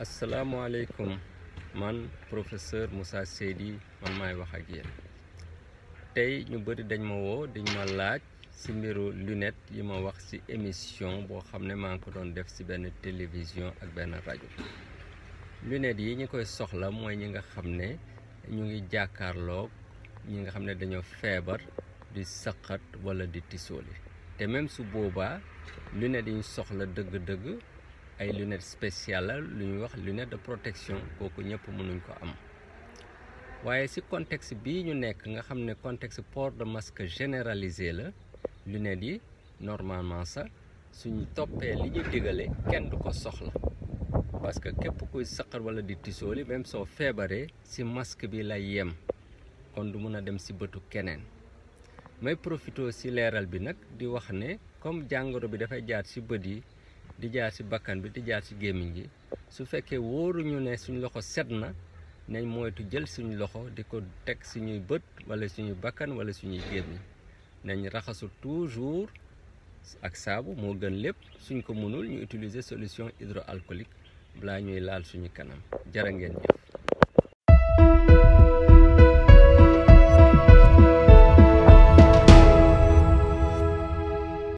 asalaamualeykum man professeur musa Seydi man maay wax ak yéen tey ñu bëri dañ ma woo dañ ma laaj ci mbiru lunette yi ma wax ci émission boo xam ne maa ngi ko doon def ci benn télévision ak benn rajo lunette yi ñi koy soxla mooy ñi nga xam ne ñu ngi jàkkaarloog ñi nga xam ne dañoo feebar di saqat walla di tisooli te même su boobaa lunette yi ñu soxla dëgg-dëgg ay lunettes spéciales la lu ñuy wax lunette de protection koku ñepp mënuñ ko am waye si contexte bi ñu nekk nga ne contexte port de masque généralisé la lunettes yi normalement sax suñu topé li ñu digale kenn du ko soxla parce que képp kuy saxar wala di tissoli même so fébaré si masque bi la yem kon du mëna dem si bëtu kenen may profito ci leeral bi nak di wax né comme jangoro bi fay jaar si bëdi di jaar ci bàkkan bi di jaar ci gémmiñ gi su fekkee wóoruñu ne suñ loxo set na nañ moytu jël suñu loxo di ko teg suñuy bët walla suñuy bakkan walla suñuy gémmiñ nañ raxasu toujours ak saabu moo gën lépp suñ ko mënul ñu utiliser solution hydroalcoolique balaa ñuy laal suñu kanam jërë ngeen jëf